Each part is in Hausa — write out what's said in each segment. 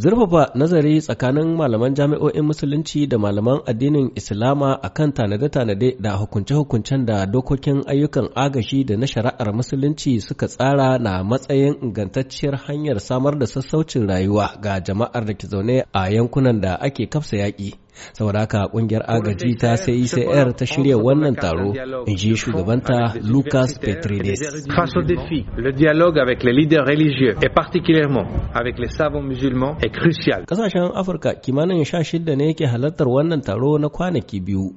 zurfafa nazari tsakanin malaman jami'o'in musulunci da malaman addinin islama a kan tanade-tanade da hukunce-hukuncen da dokokin ayyukan agashi da na shari'ar musulunci suka tsara na matsayin ingantacciyar hanyar samar da sassaucin rayuwa ga jama'ar da ke zaune a yankunan da ake kafsa yaƙi saboda haka kungiyar agaji ta sai ICR ta shirya wannan taro in ji shugabanta Lucas Petrides. Face au défi, le dialogue avec les leaders religieux et particulièrement avec les savants musulmans est crucial. Kasashen Afirka kimanin 16 ne yake halartar wannan taro na kwanaki biyu.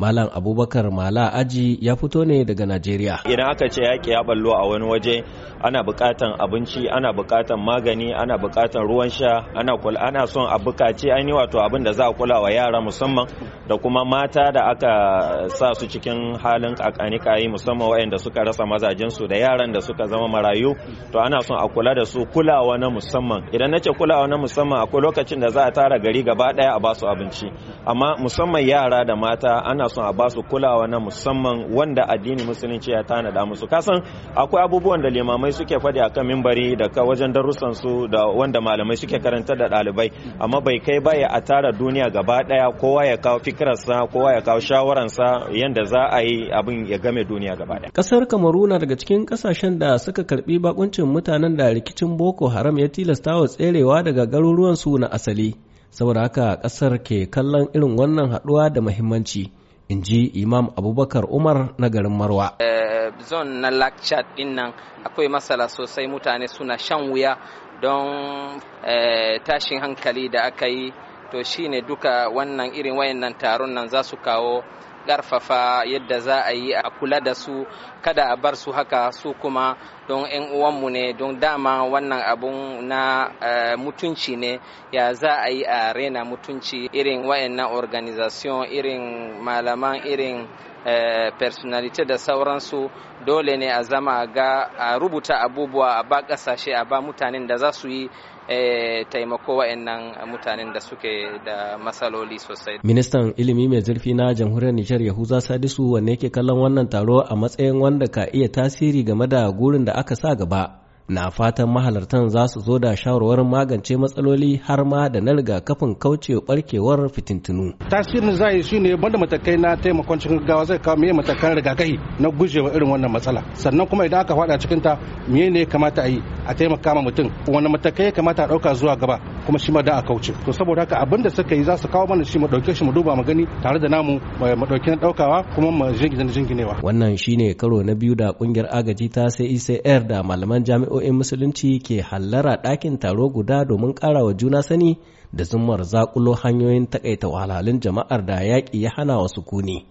Malam Abubakar Mala Aji ya fito ne daga Najeriya. Idan aka ce yaƙi ya ballo a wani waje ana buƙatan abinci, ana buƙatan magani, ana buƙatan ruwan sha, ana ana son a buƙaci ainihin wato abin da za a kula wa yara musamman da kuma mata da aka sa su cikin halin kakanikayi musamman waɗanda suka rasa mazajensu da yaran da suka zama marayu to ana son a kula da su kulawa na musamman idan nace kulawa na musamman akwai lokacin da za a tara gari gaba ɗaya a su abinci amma musamman yara da mata ana son a basu kulawa na musamman wanda addini musulunci ya tanada musu kasan akwai abubuwan da limamai suke faɗi akan mimbari da ka wajen darussan su da wanda malamai suke karanta da ɗalibai amma bai kai ba ya a tara duniya gaba ɗaya kowa ya kawo fikirarsa kowa ya kawo shawararsa yanda za a yi abin ya game duniya gaba ɗaya kasar kamaru na daga cikin kasashen da suka karbi bakuncin mutanen da rikicin boko haram ya tilasta wa tserewa daga garuruwan su na asali saboda haka kasar ke kallon irin wannan haɗuwa da muhimmanci in ji imam abubakar umar na garin marwa eh, zon na lakchat din nan akwai matsala sosai mutane suna shan wuya don eh, tashin hankali da aka yi to shine duka wannan irin wayannan taron nan za su kawo karfafa yadda za a yi a kula da su kada a bar su haka su kuma don 'yan uwanmu ne don dama wannan abun na eh, mutunci ne ya za a yi a rena mutunci irin wayannan organization irin malaman irin Eh, personality da sauransu dole ne a zama ga a rubuta abubuwa a ba kasashe a ba mutanen da za su yi eh, taimako wa'annan mutanen da suke da matsaloli sosai. Ministan ilimi mai zurfi na jamhuriyar Nijar Yahuza Sadisu wanne yake kallon wannan taro a matsayin wanda ka iya tasiri game da gurin da aka sa gaba. na fatan mahalartan za su zo da shawarwarin magance matsaloli har ma da na rigakafin kauce barkewar fitintunu. Tasirin zai shi ne banda matakai na taimakon cikin gaggawa zai kawo miye matakan rigakafi na gujewa irin wannan matsala. Sannan kuma idan aka fada cikin ta miye ne kamata a yi a taimaka ma mutum wani matakai ya kamata a ɗauka zuwa gaba kuma shi ma da a kauce. To saboda haka abin da suka yi za su kawo mana shi mu ɗauke shi mu duba mu gani tare da namu eh, mu ɗauki na ɗaukawa kuma mu jingine jinginewa. Wannan shine karo na biyu da kungiyar agaji ta sai ICR e da malaman jami'o'i jami'o'in musulunci ke hallara ɗakin taro guda domin ƙara wa juna sani da zumar zaƙulo hanyoyin takaita wahalhalun jama'ar da yaƙi ya hana wa sukuni.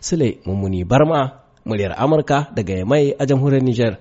Sule Mummuni Barma, muryar Amurka daga Yamai a jamhuriyar Nijar.